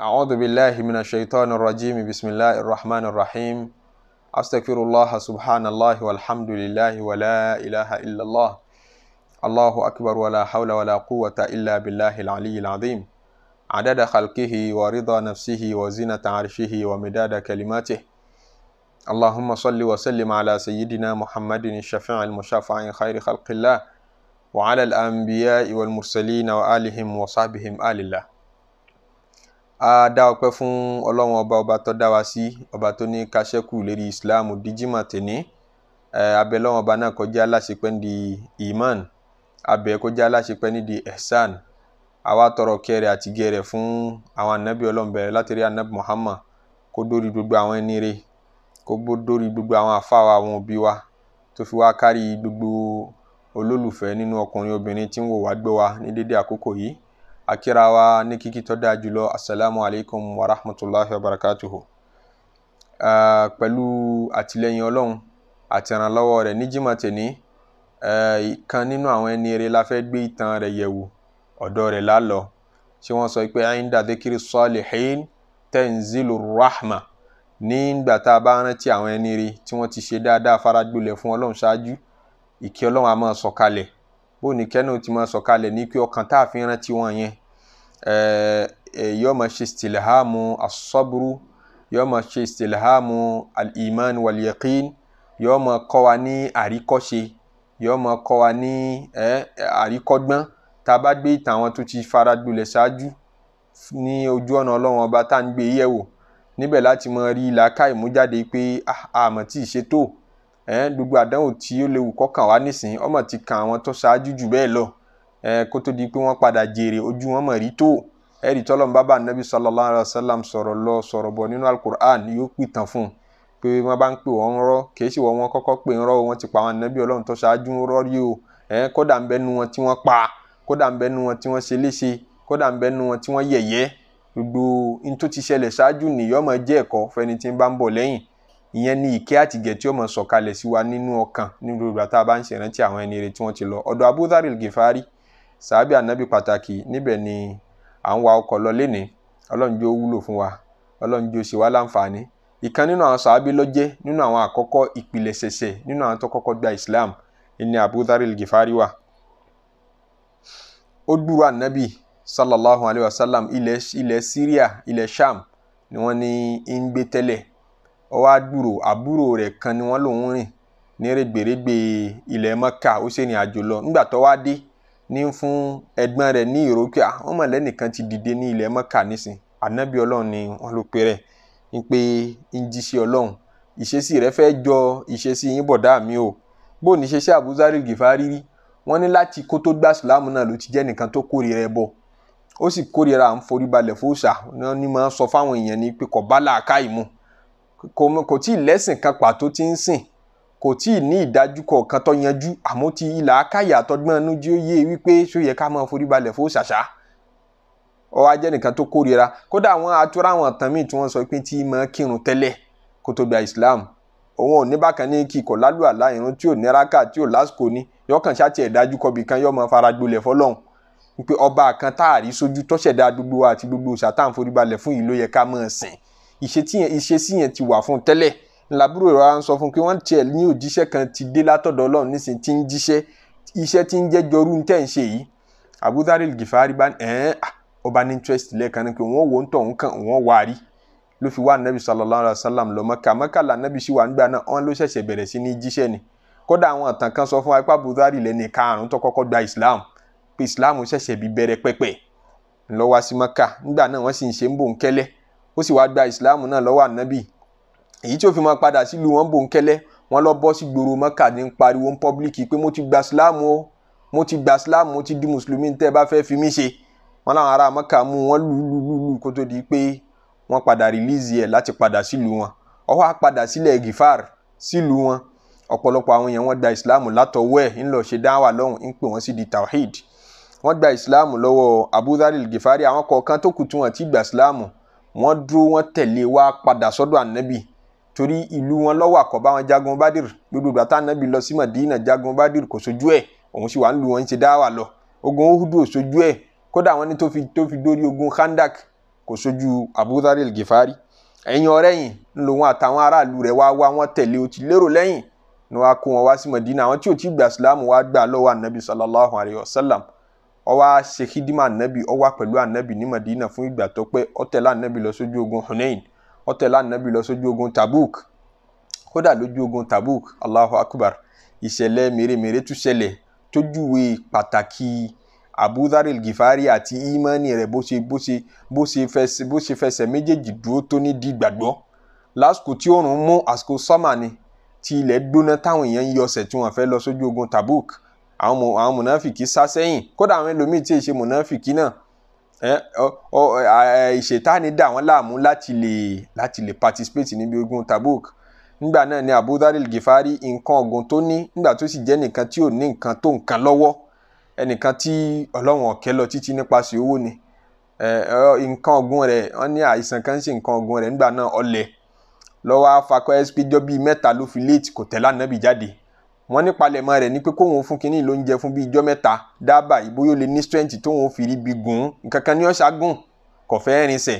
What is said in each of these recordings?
أعوذ بالله من الشيطان الرجيم بسم الله الرحمن الرحيم أستغفر الله سبحان الله والحمد لله ولا إله إلا الله الله أكبر ولا حول ولا قوة إلا بالله العلي العظيم عدد خلقه ورضا نفسه وزنة عرشه ومداد كلماته اللهم صل وسلم على سيدنا محمد الشفيع المشافع خير خلق الله وعلى الأنبياء والمرسلين وآلهم وصحبهم آل الله a dá ọpẹ́ fún ọlọ́run ọba ọba tó dá wa sí ọba tó ní káṣẹ́kù lérí islam díjímà tèní abẹ lọ́wọ́n ọba náà kọjá aláṣepẹ́ ní di iman abẹ kọjá aláṣepẹ́ ní di ihsan àwa tọrọ kẹrẹ àti gẹrẹ fún àwọn anabi ọlọ́run bẹ̀rẹ̀ látàrí anabi muhammad kó dórí gbogbo àwọn ẹni rẹ kó dórí gbogbo àwọn àfa wa àwọn òbí wa tó fi wá kárí gbogbo olólùfẹ́ nínú ọkùnrin obìnrin tí ń wò wá gbọ́ wa ní dédé àkókò yìí akira wa ní kíkí tó dáa jùlọ asalaamu alaykum wa rahmatulahi wa barakatuhu uh, pẹ̀lú àtìlẹyìn ọlọ́run àti ìrànlọ́wọ́ rẹ̀ ní jimá tèní ìkan nínú àwọn ẹni eré la fẹ́ gbé ìtàn rẹ̀ yẹ̀wò ọ̀dọ̀ rẹ̀ lálọ́ tí wọ́n sọ pé ainda dhikri salihin tanzilu rahma nígbà tá a bá rántí àwọn ẹni eré tí wọ́n ti ṣe dáadáa faragbolẹ̀ fún ọlọ́run ṣáájú ìkí ọlọ́run a máa sọ̀kalẹ̀ bó ní kẹ́nu ti máa sọ̀kalẹ̀ ní kí ọkàn tá a fi rántí wọn yẹn yóò máa ṣe stilhamu asọ́buru yóò máa ṣe stilhamu al-iman wal-yaqin yóò máa kọ́ wa ní àríkọ́ṣe yóò máa kọ́ wa ní àríkọ́gbọ́n tá a bá gbé ìtàwọn tó ti fara gbolẹ̀ ṣáájú ní ojú ọ̀nà ọlọ́run ọba tá à ń gbé yẹ̀wò níbẹ̀ láti máa rí làákàyè mú jáde pé àmọ́ ah, tí ì ṣe tó gbogbo àdánwò tí ó léwu kọ́kàn wá nísìnyí ọmọ ti kan àwọn tó ṣáájú jù bẹ́ẹ̀ lọ kó tó di pé wọ́n padà jèrè ojú wọn mọ̀ rí tó ẹ̀rí tọ́lọ́n bábà nàbí sallallahu alayhi wa sallam sọ̀rọ̀ lọ sọ̀rọ̀ bọ̀ nínú alukur'an yóò pìtàn fún un pé wọ́n bá ń pè wọ́n rọ́ kìí ṣe wọ́n kọ́kọ́ pè ń rọ́ wọ́n ti pa àwọn nàbí ọlọ́run tó ṣáájú ń rọ́ rí o kódà ń bẹ́nu wọn tí wọ́n pa kódà ń bẹ́nu wọn tí wọ́n ṣe léṣe kódà ń bẹ́nu wọn tí wọ́n yẹ̀yẹ́ gbogbo n tó ti ṣẹlẹ̀ ṣáájú nìyọ́ mọ̀ jẹ́ ẹ̀kọ́ tí ń bá ń bọ̀ lẹ́yìn ìyẹn ni ìkẹ́ àtìgẹ̀ tí ó mọ̀ sọ̀kalẹ̀ sí wa nínú ọkàn ní gbogbo ìgbà tá a bá ń ṣèrántí àwọn ẹni rere tí wọ́n ti lọ ọ̀dọ̀ Abu Dharil sàábì ànábì pàtàkì níbẹ̀ ni à ń wa ọkọ̀ lọ lénìí ọlọ́run jó wúlò fún wa ọlọ́run jó ṣe wá láǹfààní ìkan nínú àwọn sàábì ló jẹ́ nínú àwọn àkọ́kọ́ ìpìlẹ̀ nínú àwọn tó kọ́kọ́ gba Islam ìní Abu Dharil Ghifari wa ó dúró ànábì sallallahu alayhi wa sallam ilẹ̀ Syria ilẹ̀ Sham ni wọ́n ní ń gbé tẹ́lẹ̀ ó wá dúró àbúrò rẹ̀ kan ni wọ́n lòún rìn ní rẹ̀gbẹ̀rẹ̀gbẹ̀ ilẹ̀ mọ́kà ó ṣe ìrìn àjò lọ nígbà tó wá dé ní fún ẹgbọn rẹ̀ ní ìrókè wọ́n mọ̀lẹ́ ti dìde ní ilẹ̀ mọ́kà nísìn ànábì ọlọ́run ni wọ́n ìṣesí rẹ jọ ìṣesí yín mi o bó ní ṣe ṣe àbúzárì gìfárí rí ní náà ló ti jẹ nìkan tó kórìíra bọ ó sì kórìíra à ń forí fóòṣà kò tí ì lẹ́sìn kan pàtó tí ń sìn kò tí ì ní ìdájúkọ kan tó yanjú àmọ́ ti ilà akáyà àtọ́gbọ́n inú jí ó yé wípé ṣó yẹ ká máa forí balẹ̀ fún ṣàṣà ọwọ́ ajẹ́ nìkan tó kórira kódà àwọn atura àwọn tán míì tí wọ́n sọ pé tí máa kírun tẹ́lẹ̀ kó tó gba Islam òun ò ní bákan ní kíkọ̀ lálùalá irun tí ò ní raka tí ò lásìkò ní yọkàn ṣáàtì ẹ̀dájú kọbi kan yọ máa fara gbolẹ̀ fọlọ́hún wípé ọba kan táàrí sójú tó ṣẹ̀dá gbogbo àti gbogbo ṣàtàn forí balẹ̀ fún yìí ló yẹ ká máa sìn ìṣesí yẹn ti wà fún tẹ́lẹ̀ làbúrò rẹ̀ ń sọ fún pé wọ́n tiẹ̀ ní òjíṣẹ́ kan ti dé látọ̀dọ̀ ọlọ́run nísìnyí ti ń jíṣẹ́ iṣẹ́ ti ń jẹ́ jọrú ń ń ṣe yìí Abudari Gifari bá ẹ̀ẹ́n ọba ní interest lẹ́ẹ̀kan ni pé wọ́n wò ń tọ̀ ń kàn wọ́n wà á rí ló fi wá anabi sallallahu alayhi wa sallam lọ Mẹ́kà Mẹ́kà là anabi sì wà nígbà náà wọ́n ló ṣẹ̀ṣẹ̀ bẹ̀rẹ̀ sí ní jíṣẹ́ ni kódà àwọn ìtàn kan sọ fún wa pé Abudari lẹ́ni karùn-ún tó kọ́kọ́ gba Islam pé Islam ṣẹ̀ṣẹ̀ bí bẹ̀rẹ̀ pẹ́pẹ́ ńlọ wá sí Mẹ́kà nígbà náà wọ́n sì ń ṣe ń bò ń kẹ́lẹ́ ó sì wáá gba ìsìláàmù náà lọ́wọ́ ànábì èyí tí ó fi máa padà sílùú wọn bòńkẹ́lẹ́ wọn lọ bọ́ sí gbòòrò mọ́kà ní pariwo ń pọ́blíkì pé mo ti gba ìsìláàmù o mo ti gba ìsìláàmù mo ti di mùsùlùmí tẹ́ ẹ bá fẹ́ fi mí ṣe wọn làwọn ará mọ́kà mú wọn lù lù lù lù kó tó di pé wọ́n padà rìlíìsì ẹ̀ láti padà sílùú wọn ó wá padà sílẹ̀ gifar sílùú wọn ọ̀pọ̀lọpọ̀ àwọn èèyàn wọ́n gba ìsìláàmù látọwọ́ ẹ̀ ńlọ ṣe dáwà lọ́hùn ń pè wọ́n sí di tawhid wọ́n gba ìsìláàmù lọ́wọ́ abudalil gifari àwọn kọ̀ọ̀kan tó kù tí ti gba ìsìláàmù wọ́n dúró wọ́n tẹ̀lé e, wa padà sọ́dọ̀ ànábì torí ìlú wọn lọ́wọ́ àkọ́bá wọn jagun badir gbogbo ìgbà tá lọ sí Madina jagun badir kò sojú ẹ̀ òun sì wà ń lu wọn ń ṣe dáwà lọ ogun ohudu ò sojú ẹ̀ kódà wọn ní tó fi tó fi dórí ogun Khandak kò sojú Abu Dharr al-Ghifari ẹ̀yin ọ̀rẹ́ yìí ń lo wọn àtàwọn aráàlú rẹ̀ wá wá wọn tẹ̀lé o ti lérò lẹ́yìn ni wọn kó wọn wá sí Madina àwọn tí ò tí gbà Islam wá gbà lọ́wọ́ ànábì sallallahu alayhi wa sallam ó wá ṣe hídímà ànábì ó wà pẹ̀lú ànábì ní Madina fún ìgbà tó pẹ́ ó tẹ̀lé ànábì lọ sójú ogun Hunain ó tẹ̀lé ànábì lọ sójú ogun Tabuk kódà lójú ogun Tabuk Allahu Akbar ìṣẹ̀lẹ̀ mèremère tún ṣẹlẹ̀ tójúwe pàtàkì abudharil gifari àti imani rẹ̀ bó ṣe bó ṣe bó ṣe fẹsẹ̀ bó ṣe fẹsẹ̀ méjèèjì dúró tó ní di gbàgbọ́ lásìkò tí oòrùn mú àsìkò sọ́mà ni tí ilẹ̀ gbóná táwọn èèyàn ń yọsẹ̀ tí wọ́n fẹ́ lọ sójú ogun Tabuk àwọn mùnáfìkì sá sẹ́yìn kódà àwọn ẹlòmíì tí ì ṣe mùnáfìkì náà ìṣètáni dà wọ́n láàmú láti lè láti lè participate níbi ogun Tabuk nígbà náà ni Abu Dharil Gifari nǹkan ọ̀gùn tó ní nígbà tó sì jẹ́ nìkan tí ò ní nǹkan tó nǹkan lọ́wọ́ ẹnìkan tí ọlọ́wọ̀n ọ̀kẹ́ lọ títí nípasẹ̀ owó ni nǹkan ọ̀gùn rẹ̀ wọ́n ní àìsàn kan ṣe nǹkan ọ̀gùn rẹ̀ nígbà náà ọlẹ̀ lọ́wọ́ afakọ́ ẹ́sìpéjọ́ bíi mẹ́ta ló fi léètì kò tẹ̀lé ànábì jáde wọ́n ní palẹ̀mọ́ rẹ̀ ni pé kóun fún kinní ló ń jẹ fún bíi ijọ́ mẹ́ta dábàá yìí lè ní strength tóun fi rí bi gùn kankan ní ọ̀ṣà gùn kò fẹ́ rinṣẹ̀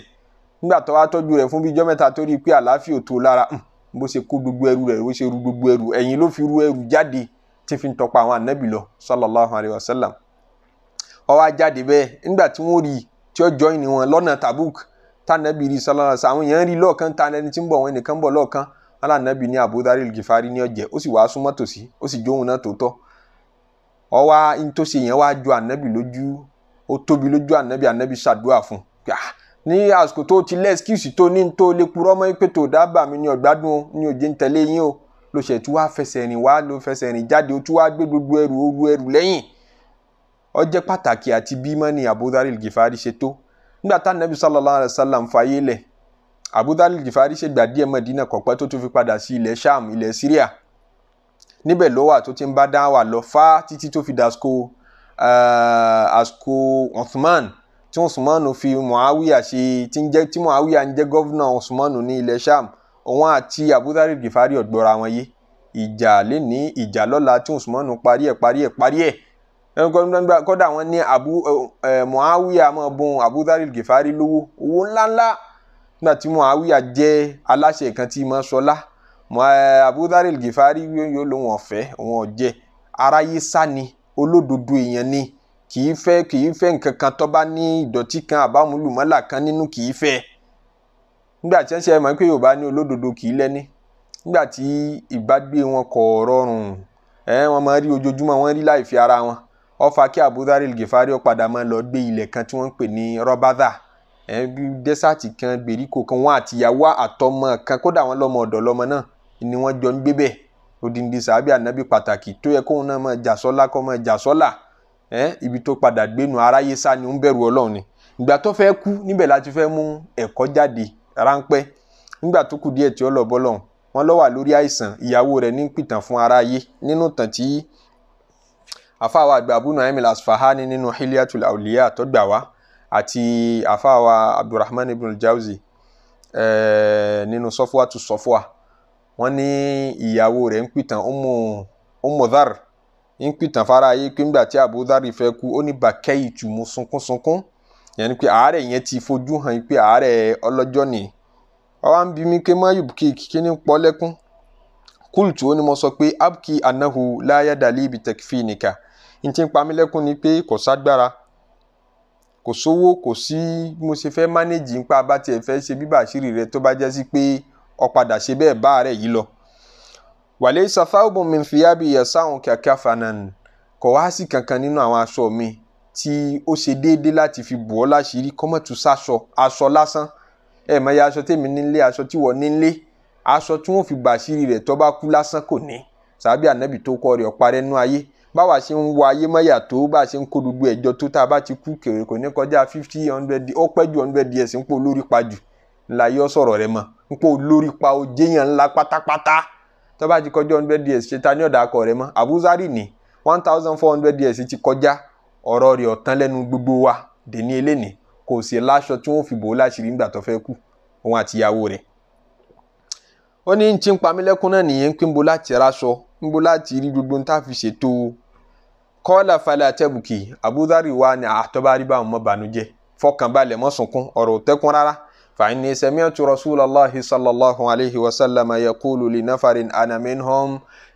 nígbà tó wá tọ́jú rẹ̀ fún pé àlàáfíà ò tó lára hmm, bó ṣe kó gbogbo ẹrù rẹ bó ṣe ru gbogbo ẹrù ẹ̀yìn ló fi ru ẹrù jáde tí fi ń tọpa àwọn ànábì lọ sallallahu alayhi wa sallam jáde bẹ́ẹ̀ nígbà tí wọ́n rí tí ó alànàbì ní abudari gifari ní ọjẹ ó sì wàá súnmọ́ tòsí ó sì jóhun náà tòótọ́ ọwá ntòsí yẹn wàá ju ànàbì lójú ó tóbi lójú ànàbì ànàbì ṣàdúrà fún ah, ní àsìkò tó ti lé ẹsikíùsì tó ní tó lè purọ́ mọ́ pé tó dábàá mi ní ọ̀gbádùn o ní òjé ń yín o ló ṣe tí wàá fẹsẹ̀ rìn wá ló fẹsẹ̀ rìn jáde ó tún wàá gbé gbogbo ẹrù oru ẹrù lẹ́yìn ó jẹ́ pàtàkì àti bímọ ni abudari gifari ṣe tó nígbà tá ànàbì sallallahu alaihi wasallam fàyè lẹ̀ abudalil gifari ṣègbà díẹ̀ mọ̀dínà kọ̀pẹ́ tó tún fi padà sí ilẹ̀ sham ilẹ̀ syria níbẹ̀ ló wà tó ti ń bá dáwà lọ fá títí tó fi dasko eh, àsìkò Uthman tí Uthman fi Muawiya ṣe tí ń jẹ́ tí Muawiya ń jẹ́ gọ́vnà Uthman ní ilẹ̀ sham òun àti abudari gifari ọ̀gbọ́ra wọn yé ìjà lẹ́ni ìjà lọ́la tí Uthman parí ẹ̀ parí ẹ̀ parí ẹ̀ kódà wọn ní eh, Muawiya máa bun abudari gifari lówó owó ńláńlá nígbà tí Muawiya jẹ́ aláṣẹ kan tí mo sọlá Abu Dharr al-Ghifari yóò lò wọ́n fẹ́ wọ́n jẹ́ aráyé sá ni olódodo èèyàn ni kì í fẹ́ kì í fẹ́ nǹkan kan tó bá ní ìdọ̀tí kan àbámúlùmọ́là kan nínú kì í fẹ́ nígbà tí wọ́n ṣe mọ̀ pé Yorùbá ní olódodo kì í lẹ́ni nígbà tí ìbágbé wọn kò rọrùn ẹ wọn máa rí ojoojúmọ́ wọn rí láì fi ara wọn ó kí Abu Dharr ó padà máa lọ gbé ilẹ̀ kan tí wọ́n ń pè ní Rabadha dẹ́sàtì kan gbèríko kan wọn àtìyàwó àtọmọ kan kódà wọn lọmọ ọ̀dọ̀ lọmọ náà ni wọn jọ ń gbé bẹ́ẹ̀ odindi sàbí ànábì pàtàkì tó yẹ kóun náà sọ́lá kó ibi tó padà gbénu aráyé sá ni ń bẹ̀rù ni ìgbà tó fẹ́ kú níbẹ̀ láti fẹ́ mú ẹ̀kọ́ jáde ráńpẹ́ nígbà tó kù tí ó lọ wọn lọ àti àfáàwà abdulrahman ibn al-jawzi eh, nínú sọfúà tu sọfúà wọn ní ìyàwó rẹ̀ ń pìtàn ọmọ ọmọ dhar ń pìtàn fara ayé pé ńgbà tí abu dhar fẹ́ kú ó ní bàkẹ́yì sunkúnsunkún yẹn ni pé àárẹ̀ yẹn ti fojú hàn pé àárẹ̀ ọlọ́jọ́ ni ọwọ́ ń bi mí ké mayub kéèkì kí ni pọ́ lẹ́kún kúlùtù ó ní mo sọ pé abki anahu láyà n ti ń kò sówó kò sí bí mo ṣe fẹ́ mánéjì ń pa bá tiẹ̀ fẹ́ ṣe bíbà àṣírí rẹ tó bá jẹ́ sí pé ọ̀padà ṣe bẹ́ẹ̀ bá rẹ̀ yìí lọ. wàlẹ́ sàfáàbù mi fi yábì yẹ̀sáhùn kíákíá fanan kọ̀ wá sí kankan nínú àwọn aṣọ mi tí ó ṣe déédé láti fi bù ọ́ láṣìírí kọ́mọ̀tù sáṣọ aṣọ lásán ẹ̀ mọ̀ ya aṣọ tèmi nílé aṣọ tí wọ́n nílé aṣọ tí wọ́n fi gbàṣírí rẹ̀ tó bá kú lásán kò ní sàbí ànábì tó kọ́ rẹ̀ ọ̀parẹ́ ayé báwa ṣe ń wa ayé mọ́yà tó bá ṣe ń kó gbogbo ẹ̀jọ́ tó tá a bá ti kú kèrè kò ní kọjá ju hundred years ń pò lórí pa jù ńlá yọ sọ̀rọ̀ rẹ ń pò pa ó jẹ́yàn ńlá pátápátá tó bá ti kọjá hundred years ṣe ta ní ọ̀dà akọ rẹ mọ́ àbúzárì ní one thousand kọjá ọ̀rọ̀ rẹ̀ ọ̀tán lẹ́nu gbogbo wa dèní eléni kò sì láṣọ tí wọ́n fi bò láṣìírí ńgbà tó fẹ́ kú òun rẹ̀ ó ní ń ń pamílẹ́kún náà nìyẹn ń gbogbo ń tá a kọ́lá falẹ̀ àtẹ̀bùkì abudari wa ni àtọ́bárí ah, bá wọn mọ́ bànújẹ́ fọkànbalẹ̀ mọ́ sunkún ọ̀rọ̀ tẹ́kun rárá fàáyínní sami'tu rasulallahi sallallahu alayhi wa sallam yaqulu li nafarin ana minhum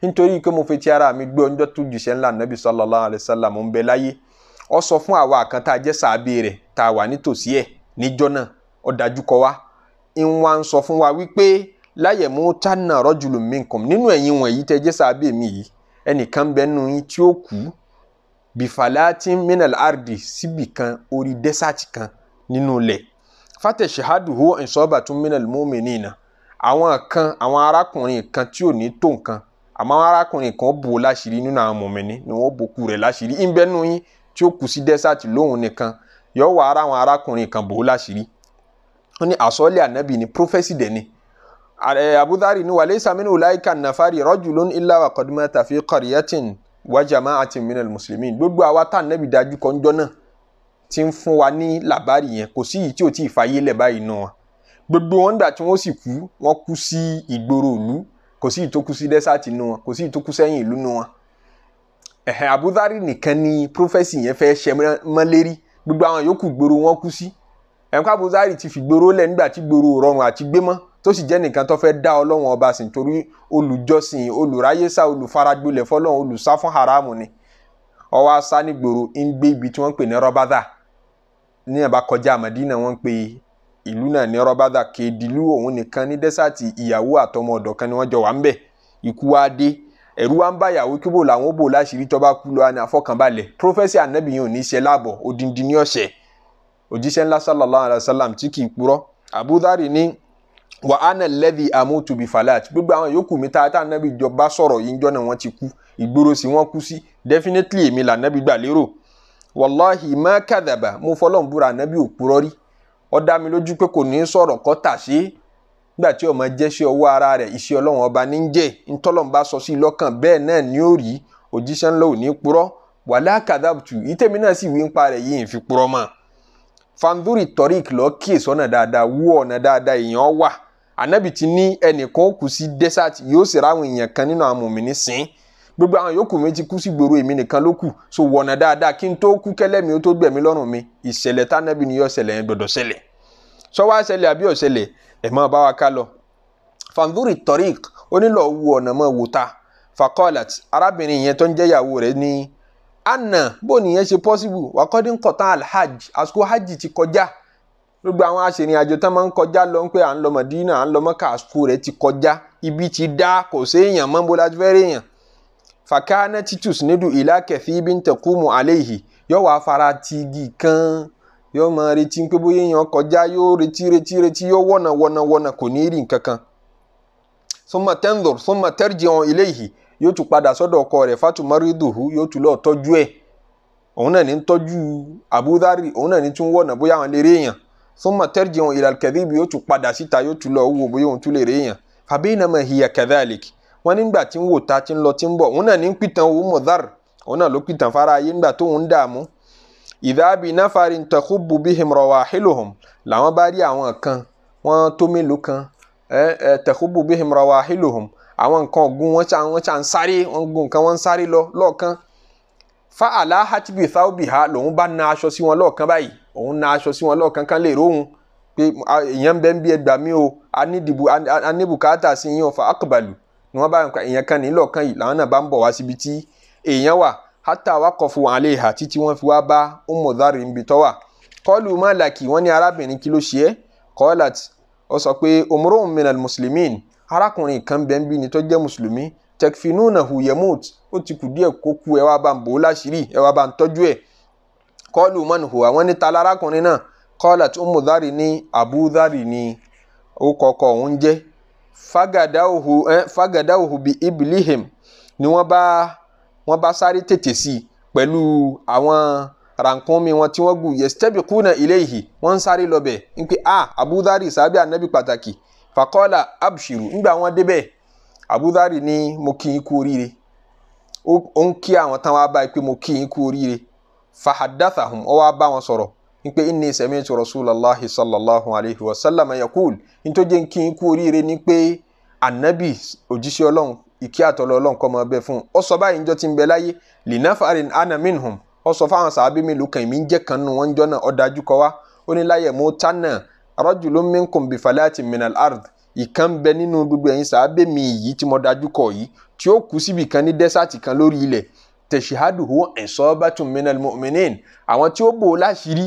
nítorí pé mo fi ti ara mi gbé ọjọ́ tó jìṣẹ́ ńlá nàbí sallallahu alayhi wa sallam ń bẹ láyé ọ sọ fún àwa kan tá a jẹ́ sàábì rẹ̀ tá a wà nítòsí ẹ̀ níjọ́ náà ọ dájú kọ wa ń wá ń sọ fún wa wípé láyẹ̀ mú tánà rajulun minkum nínú ẹ̀yin wọ̀nyí tẹ́ jẹ́ sàábì mi yìí ẹnìkan bẹ́ẹ̀ nù yín tí ó kú bifalatin minal ardi síbì kan orí dẹ́sàtì kan nínú ilẹ̀ fatẹ̀síhádù hó ìsọ́ba tún minal mu'minina àwọn kan àwọn arákùnrin kan tí ò ní tó nǹkan àmọ́ àwọn arákùnrin kan bò láṣìírí nínú àwọn mọ̀mìnì ni wọ́n bò kú rẹ̀ láṣìírí ìbẹ́nu yín tí ó kù sí dẹ́sàtì lóhùn nìkan yóò wá ara àwọn arákùnrin kan bò láṣìírí wọ́n ní àsọ́lé ànábì ni prófẹ́sì dẹ̀ ni Abu ni wàlẹ́ láìka nàfàrí rajulun illa wà qad mata wa jama'atin minal muslimin gbogbo àwa tá ànábì dájú kọ ńjọ́ náà ti ń fún wa ní làbárì yẹn kò sí yìí tí ò tí ì fàyè lẹ̀ báyìí náà gbogbo wọn dà tí wọ́n sì kú wọ́n kú sí ìgboro ìlú kò sí ìtókù sí dẹ́sàtì nù wọn kò sí ìtókù sẹ́yìn ìlú nù wọn ẹ̀hẹ̀ abudari nìkan ni prọfẹ̀sì yẹn fẹ́ ṣe mọ́lérí gbogbo àwọn yòókù gbòòrò wọn kú sí ẹ̀ka abudari ti fi gbòòrò lẹ̀ nígbà tí gbòòrò rọrùn àti gbé tó sì jẹ́ nìkan tó fẹ́ dá ọlọ́run ọba sìn torí olùjọ́sìn olùráyésá olùfaragbolẹ̀ fọlọ́run olùsá fún haramu ni ọwọ́ asá nígboro ń gbé ibi tí wọ́n ń pè ní rọ́bádà ní ẹ̀bá kọjá àmàdínà wọ́n ń pè ìlú náà ní rọ́bádà kéèdìlú òun nìkan ní dẹ́sàtì ìyàwó àtọmọ ọ̀dọ̀ kan ni wọ́n jọ wà ń bẹ̀ ikú wa dé ẹ̀rú wa ń bá ìyàwó kí làwọn bò láṣìírí tó bá kú lọ ní àfọkànbalẹ̀ prófẹ́sì ànábì yìí ò ní í ṣe láàbọ̀ odindi ní ọ̀sẹ̀ òjíṣẹ́ ńlá sallallahu alayhi tí kì í purọ́ Abu Dhari ní wà á nà lẹ́dí amótu bí falat gbogbo àwọn yòókù mi tá tá jọba sọ̀rọ̀ yìí wọ́n ti kú ìgboro sí wọ́n kú sí definitely èmi là ànábì gbà lérò wàláhì má kàdàbà mo fọlọ́n búra ànábì ò purọ́ rí mi pé kò ní sọ̀rọ̀ kọ́ tà sí ọmọ jẹ́ ọwọ́ ara rẹ̀ iṣẹ́ ọlọ́run ọba ní jẹ́ ntọ́lọ́n bá ni ó rí òjíṣẹ́ anabi ti ni ẹnìkan ó kú sí desert yóò sì ráwọn èèyàn kan nínú àwọn mòmìnì sìn gbogbo àwọn yòókù mi ti kú sí gbòòrò èmi nìkan ló kù so wọ̀nà dáadáa kí n tó kú kẹ́lẹ́ mi ó tó gbẹ̀mí lọ́rùn mi ìṣẹ̀lẹ̀ tánábì ni yóò ṣẹlẹ̀ yẹn gbọ́dọ̀ ṣẹlẹ̀ sọ́wọ́ àṣẹlẹ̀ àbí ọ̀ṣẹlẹ̀ ẹ̀ máa bá wa ká lọ. fanzuri tariq ó nílò wu ọ̀nà mọ́ wò ta fakọ́lat arábìnrin yẹn tó ń jẹ́yàwó rẹ̀ ní anna bó nìyẹn ṣe possible wàkọ́dínkọ̀tà alhaj àsìkò hajj ti kọjá gbogbo àwọn aṣèrìnàjò tán máa ń kọjá lọ pé à ń lọ Mọ̀dínà à ń lọ Mọ́kà àsìkò rẹ̀ ti kọjá ibi ti dá kò séèyàn mọ́ bó láti fẹ́ẹ́ rèèyàn. fàkànà titus nídu ìlà kẹfì bí ń tẹkùmù àléhì yóò wá fara ti igi kan yóò máa retí pé bóyá èèyàn kọjá yóò retí retí retí yóò wọ̀nà wọ̀nà wọ̀nà kò ní rí nǹkan kan. sọmọ tẹ́ńdọ̀r sọmọ tẹ́rìjì ọ̀hún iléyìí yóò tún padà sọ́dọ̀ ọkọ rẹ̀ fatumaridùhù yóò tún lọ́ọ́ tọ́jú ẹ̀ òun náà ní tọ́jú Abudari òun náà ní tún wọ̀nà bóyá àwọn lè èèyàn ثم tẹ́rìjì wọn الكذب kẹ́díbi yóò tún padà síta yóò tún lọ wò bóyá òun tún lè réèyàn fàbíyìnàmọ hiya kadhalik wọn nígbà tí ń wò ta tí ń lọ tí ń bọ̀ òun náà ní ń pìtàn òun mọ̀dár òun náà ló pìtàn fara ayé nígbà tó ń dààmú. ìdábì náfàrí takhubu bihim rawahiluhum làwọn bá rí àwọn kan wọn tó mélòó kan takhubu bihim rawahiluhum àwọn nǹkan ọ̀gùn wọn ṣà ń sáré wọn gùn kan wọn ń sáré lọ lọ́ọ̀kan fa alahatibi thawbiha lòun bá na aṣọ sí wọn lọ́ọ̀kan báyìí òun na aṣọ sí wọn lọ́ọ̀kan kan lè róhun pé èèyàn bẹ́ẹ̀ ń bí ẹgbàá mi o aníbùkátà sí yín o fa akbalu ni wọ́n bá èèyàn kan nílọ̀ kan yìí làwọn náà bá ń bọ̀ wá síbi tí èèyàn wà hátà wá kọ̀ fún wọn àlẹ́ ìhà títí wọ́n fi wá bá Ummu Dhar níbi tọ́wà kọ́ọ̀lù mọ́làkì wọ́n ní arábìnrin kí ló ṣe é kọ́ọ̀làt ó sọ pé umrun minal muslimin arákùnrin kan bẹ́ẹ̀ ń bí ni tó jẹ́ mùsùlùmí tẹkifinunahu yamut ó ti kù díẹ̀ kó kú ẹ wá bá ń bò ó láṣìírí ẹ wá bá ń tọ́jú ẹ̀ kọ́ọ̀lù mọ́nùhù àwọn níta lárákùnrin náà kọ́ọ̀làt umudari ní abudari ní ó kọ̀ọ̀kọ̀ òun jẹ́ fagadahu eh, bi iblihim ni wọ́n bá wọ́n bá sáré tètè sí i pẹ̀lú àwọn rànkúnmi wọn tí wọ́n gùn yẹ̀sítẹ́bì kúnà ilé yìí wọ́n ń sáré lọ bẹ̀ ń pè a ah, abudari sábẹ́ anabi pàtàkì fakọ́ọ̀là abshiru ńgbà wọn débẹ̀ abudari ní mo kí yín kú oríire ó ń kí àwọn tán wá báyìí pé mo kí yín kú oríire fahadathahum ó wá bá wọn sọ̀rọ̀ wípé inni sami'tu rasulallahi sallallahu alayhi wa sallam yakul nítorí jẹ́ kí yín kú oríire ni pé anabi òjíṣẹ́ ọlọ́run ìkí àtọ́lọ́ ọlọ́run kọ́ máa bẹ fún un ó sọ báyìí njọ́ tí ń bẹ láyé linafarin ana minhum ó sọ fáwọn sàábí mi lùkàn mí ń jẹ́ kan nù wọ́n ń náà ó dájú kọ́ wá ó ní láyé mú tánà rajulun minkum bifalati minal ard ìkan ń bẹ nínú gbogbo ẹ̀yin sàábẹ̀ mi yìí tí mo dájú kọ yìí tí ó kú síbi kan ní dẹ́sàtì kan lórí ilẹ̀ tẹ̀síhádùhù ẹ̀sọ́bàtún minal mu'minin àwọn tí ó bò ó láṣìírí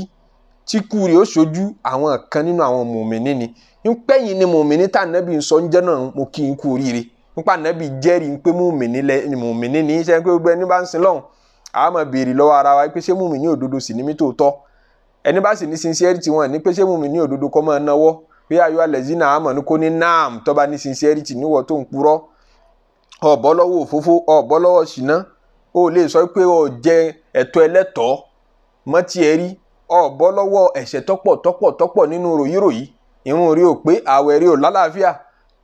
tí kú rẹ̀ ó ṣojú àwọn kan nínú àwọn mu'minin ni ńpẹ́yìn ni mu'minin tá ànábì ń sọ ń jẹ́ náà mo kí n kú oríire nípa ànábì jẹ́rìí pé mu'minin lẹ mu'minin ní sẹ́yìn pé gbogbo ẹni bá ń sin lọ́hùn àá máa béèrè lọ́wọ́ ara wa pé ṣé mu'minin òdodo sì ní mí ya ayọ alẹzí na àmọ ní ni naam toba ni sincerity o tó ń purọ́ o lọ́wọ́ òfófó ọbọ lọ́wọ́ ṣìnà ó lè sọ pé ó jẹ ẹ̀tọ́ ẹlẹ́tọ̀ọ́ mọtì ẹ rí ọbọ lọ́wọ́ ẹ̀ṣẹ̀ topo topo tọ́pọ̀ nínú ròyìnròyìn irun rí o pe àwẹ̀ rí o lálàáfíà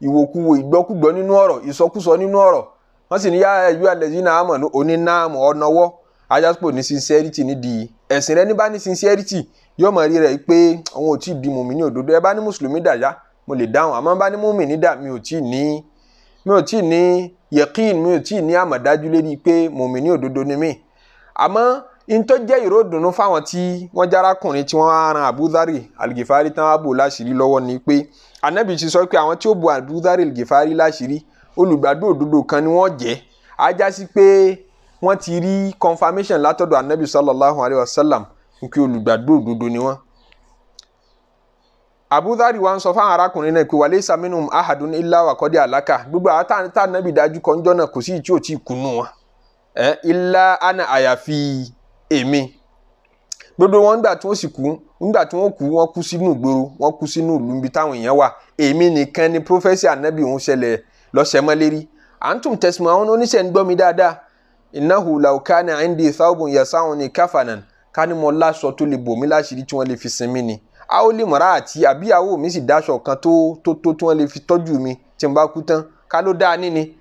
ìwòkuwò ìgbọ́kúgbọ́ nínú ọ̀rọ̀ ninu oro ọ̀rọ̀ wọ́n sì ya naam sincerity sincerity yóò mọ̀ rí rẹ̀ pé òun ò tí ì di mùmínì òdodo ẹ bá ní mùsùlùmí dàyà mo lè dáhùn àmọ́ bá ní mùmínì dà mi ò tí ì ní mi ò tí ì ní yẹ̀kín mi ò tí ì ní àmọ̀dájú lérí pé mùmínì òdodo ni mí àmọ́ ntọ́ jẹ́ ìró dùnú fáwọn tí wọ́n járákùnrin tí wọ́n ran abudari algefari tán abò láṣìírí lọ́wọ́ ni pé anabi ti sọ pé àwọn tí ó bo abudari algefari láṣìírí olùgbàdo òdodo kan ni wọ́n jẹ́ ajá sí pé wọ́n ti rí confirmation látọ̀dọ̀ anabi sallallahu alayhi wa sallam wípé olùgbàgbọ́ òdodo ni wọ́n. abudari wa ń sọ fáwọn arákùnrin náà pé wàlé saminu ahadun ilá wàkọ́dé àlákà gbogbo àwọn tá nàbì dájú kan jọ́nà kò sí ìtí òtí ìkùnú wọn ilá àna àyàfi èmi gbogbo wọn nígbà tí wọ́n sì kú nígbà tí wọ́n kú wọ́n kú sínú ìgboro wọ́n kú sínú ìlú ibi táwọn èèyàn wà èmi nìkan ni prọfẹsì ànábì òun ṣẹlẹ̀ lọ́sẹ̀mọ́lérí antum tẹ̀sùmọ́ àwọn oníṣẹ́ ń gbọ́ mi dáadáa innahu law kana indi thawbun yasa'uni kafanan ká ní mo láṣọ tó lè bò mí láṣìírí tí wọ́n lè fi sin mí ni a ó lè mọ̀ra àti àbíyàwó mi sì dáṣọ kan tó tó tó tí wọ́n lè fi tọ́jú mi tí n bá kú tán ká ló dáa níni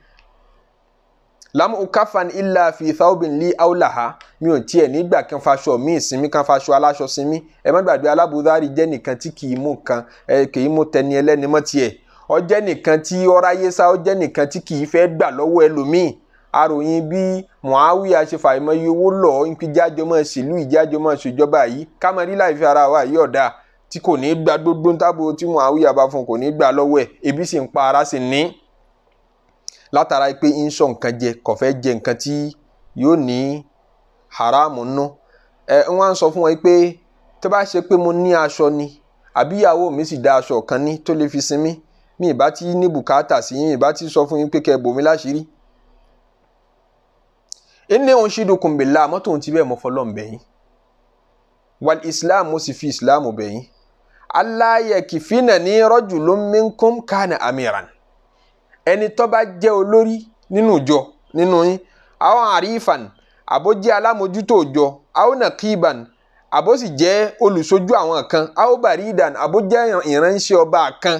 lamu ukafan illa fi thawbin li aulaha mi ò tiẹ̀ nígbà kan faṣọ mi ìsinmi kan faṣọ aláṣọ sinmi ẹ má gbàgbé alábùdárì jẹ́ nìkan tí kì í mú nǹkan kì í mú tẹni ẹlẹ́ni mọ́ tiẹ̀ ó jẹ́ nìkan tí ó ráyé sá ó jẹ́ nìkan tí kì í fẹ́ gbà lọ́wọ́ ẹlòmíì àròyìn bí Muawiya ṣe fàìmọ̀ iye owó lọ nípa ìjájọ́ mọ́ sílù ìjájọ́ mọ́ ṣèjọba yìí kámẹ́rí láì fi ara wa yìí ọ̀dà tí kò ní gba gbogbo tábò tí Muawiya bá fún kò ní gbà lọ́wọ́ ẹ̀ ebi sì ń pa ara sì ní látara pé ń sọ nǹkan jẹ kò fẹ́ jẹ nǹkan tí yóò ní haramu nú ẹ ń wá ń sọ fún wọn pé tó bá ṣe pé mo ní aṣọ ni àbí ìyàwó mi sì dá aṣọ kan ní tó lè fi sinmi mi ìbá ti ní bùkátà sí yín ìbá ti sọ fún yín pé kẹ́ bòmí láṣìírí inni unshidukum billah mọ́tò ohun ti bẹ́ẹ̀ mọ́ fọlọ́n bẹ̀yìn wal islam mo sì fi islam bẹ̀yìn Allah yakfinani rajulun minkum kana amiran ẹni tó bá jẹ́ olórí nínú ìjọ nínú yín àwọn àrífàn àbójẹ́ alámojútó òjọ àwọn nàkíban àbó sì jẹ́ olùsojú àwọn kan aobaridan àbó jẹ́ ìránṣẹ́ ọba kan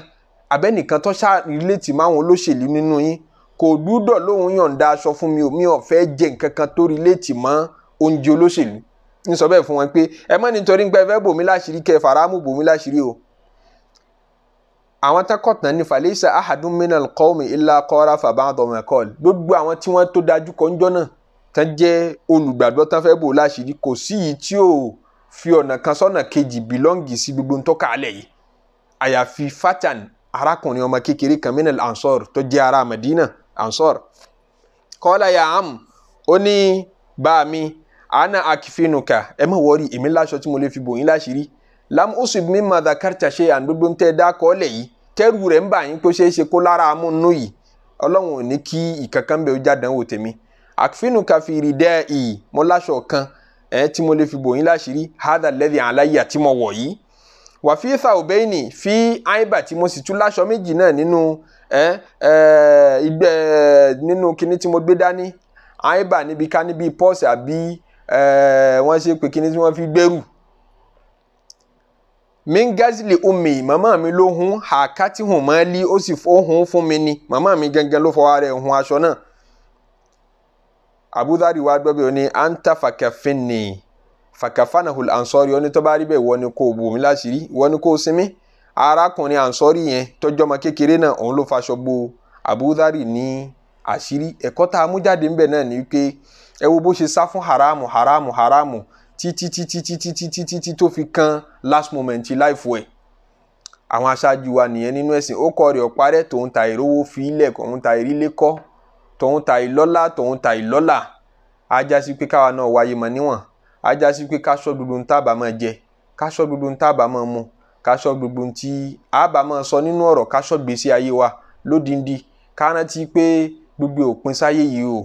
abẹ́nìkan tó ṣàrìlétì máwọn olóṣèlú nínú yín kò gbúdọ̀ lóun yọ̀ǹda aṣọ fún mi ò mi ò fẹ́ jẹ nǹkan kan tó rí létí mọ́ oúnjẹ olóṣèlú ń sọ bẹ́ẹ̀ fún wọn pé ẹ mọ́ nítorí pé ẹ fẹ́ bòmí láṣìírí kẹ fàràmù bòmí láṣìírí o. àwọn takọ̀tàn ní falẹ́sà ahadun minal qawmi illa qara fàbáàdọ̀mù ẹ̀kọ́ gbogbo àwọn tí wọ́n tó dájú kọ́ ńjọ́ náà tán jẹ́ olùgbàdọ́ tán fẹ́ bò láṣìírí kò sí yìí tí ò fi ọ̀nà kan sọ́nà kejì bìlọ́ǹgì sí gbogbo ń tọ́ka alẹ́ yìí àyàfi fatan arákùnrin ọmọ kékeré kan minal ansor tó jẹ́ ará Madina ansor kọ́lá ya am ó ní bá mi àánà akífínùkà ẹ má wọrí èmi láṣọ tí mo lè fi bò yín láṣìírí lam usib mi ma dhakarta ṣe à gbogbo tẹ dá kọ́lẹ̀ yìí tẹ́rù rẹ̀ ń bà yín pé ṣeé ṣe kó lára amúnú yìí ọlọ́run ò ní kí ìkankan bẹ́ẹ̀ jádánwò tèmi akífínùkà fi rí dẹ́ ìyí mo láṣọ kan ẹ tí mo lè fi bò láṣìírí hádà lẹ́dí àláyà tí mo wọ̀ yìí wàfíìsà òbẹ́yìnì fi àìbà tí mo sì tún láṣọ méjì náà nínú ìgbẹ́ nínú kinní tí mo gbé dání àìbà níbi ká níbi pọ́ọ̀sì àbí wọ́n ṣe pé kinní tí wọ́n fi gbẹ́rù mingazili umi màmá mi ló hun àkátì hùn mọ́ lí ó sì fóhun fún mi ni màmá mi gangan ló fọwọ́ rẹ̀ hun aṣọ náà abudari wa gbọ́ bí o ní anta fakafini fakafanahu ansori onítọ́ bá bẹ́ẹ̀ wọ́n ni kò bù mí láṣìírí wọ́n ni kò sinmi. arákùnrin ansori yẹn tọjọmọ kékeré náà òun ló faṣọ bo abudari ní àṣírí ẹ̀kọ́ tá a mú jáde náà ni pé ẹ bó ṣe sá fún haramu haramu haramu títí tó fi kan last moment láìfo ẹ̀ àwọn aṣáájú wa nìyẹn nínú ẹ̀sìn ó kọ rẹ̀ ọ̀parẹ́ tòun ta ìrówó fílẹ̀ tòun ta ìrílé kọ́ tòun ta ìlọ́lá tòun ta ìlọ́là ajásí pé káwa náà wáyé mọ̀ níwọ̀n ajásí pé mu káṣọ́ gbogbo tí a bá máa sọ nínú ọ̀rọ̀ káṣọ́ gbèsè ayé wa lódindi kárántí pé gbogbo òpin sáyé yìí o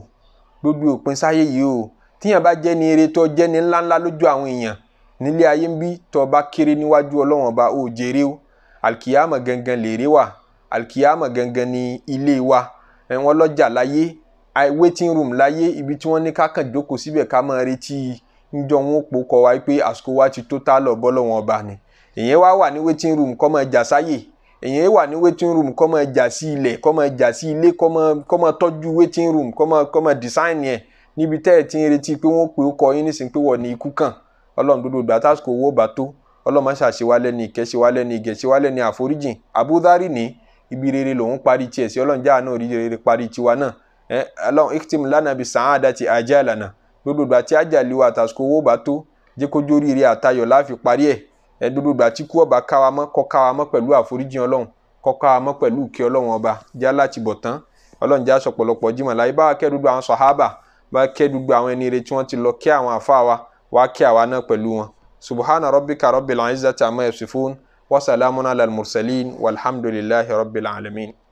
gbogbo òpin sáyé yìí o tíyàn bá jẹ́ ni eré tó jẹ́ ni ńláńlá lójú àwọn èèyàn nílé ayé ń bí tó bá kéré níwájú ọlọ́wọ́n ọba ó jèrè o alkiyama gangan lèrè wa alkiyama gangan ni ilé wa ẹ̀wọ̀n lọ́jà láyé waiting room láyé ibi tí wọ́n ní ká kàn jókòó síbẹ̀ ká máa retí njọ́ wọn pò kọ́ wa pé àsìkò wa ti tó tá lọ bọ́ ọba ni èyàn wá wà ní waiting room kọ́ máa jà sáyè èyàn wà ní waiting room kọ́ máa jà sí ilẹ̀ kọ́ máa jà sí ilé kọ́ máa tọ́jú waiting room kọ́ máa kọ́ máa design yẹn níbi tẹ́ ẹ̀ ti ń retí pé wọ́n pè ó kọ yín nísìnyí pé wọ́n ní ikú kàn ọlọ́run dúdú ìgbà tásìkò owó bá tó ọlọ́run máa ṣàṣewálẹ́ ní ìkẹ́ ṣewálẹ́ ní ìgẹ̀ ṣewálẹ́ ní àforíjìn abúdárì ní ibi rere lòun parí tiẹ̀ sí ọlọ́run jáà náà rí rere parí tiwa náà ẹ ọlọ́run ikitim lánàá bíi sàn án àdá ti àjẹ́ àlànà dúdú ìgbà tí àjàlíwà tásìkò owó bá tó jẹ́ oríire àtayọ̀ láfi parí ẹ̀ ẹ gbogbo ìgbà tí kú ọba ká wa mọ́ kó ká wa mọ́ pẹ̀lú àforíjì ọlọ́run kó ká wa mọ́ pẹ̀lú kí ọlọ́run ọba já láti bọ̀ tán ọlọ́run já sọ̀pọ̀lọpọ̀ jìmọ̀ láyé bá wa kẹ́ gbogbo àwọn sàhábà bá kẹ́ gbogbo àwọn ẹni ire tí wọ́n ti lọ kẹ́ àwọn àfa wa wá kẹ́ àwa náà pẹ̀lú wọn subhana rabbika rabbil izzati amma yasifun wa salamun ala al-mursalin walhamdulillahi rabbil alamin.